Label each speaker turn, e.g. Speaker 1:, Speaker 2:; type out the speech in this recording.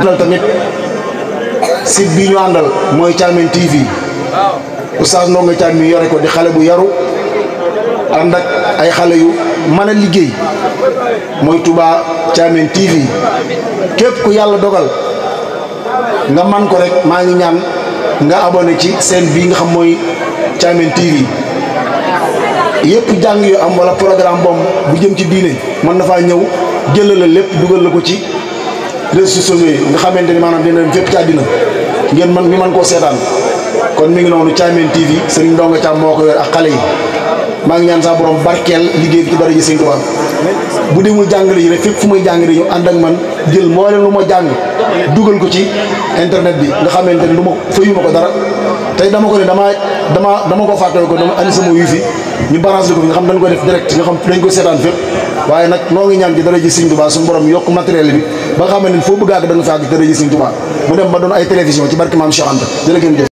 Speaker 1: àndal tamit site bi ñu àndal mooy Thiamène TV oustaz Ndongo Thiam mi yore ko di xale bu yaru ànd ay xale yu mën a liggéey mooy Touba Thiamène TV képp ku yàlla dogal nga man ko rek maa ngi ñaan nga abonné ci seen bi nga xam mooy Thiamène TV yëpp jàng yu am wala programme boobu bu jëm ci diine mën na faa ñëw jëlal la lépp dugal la ko ci réseaux sociaux yi nga xamante ni dina dem ci àddina ngeen man ñu man koo seetaan kon mi ngi TV Serigne Ndonga Thiam moo yor ak xale yi maa ngi ñaan sa borom barkeel liggéey ci dara ji Serigne Touba bu demul jàngale yi fu ñu ak man jël leen ko ci internet bi nga xamante ni lu ma dara tey dama ko ne dama dama dama ko fàttewu ko dama andi sama wifi ñu balance ko nga xam dañ ko def direct nga xam dañ ko seetaan fépp waaye nag noo ngi ñaan ci dara ji Serigne Touba suñu borom yokk matériel bi ba nga xam ne foo bëgg a àgg da nga fa àgg te rëy Sëriñ Tuubaa mu dem ba doon ay télévision ci barke maam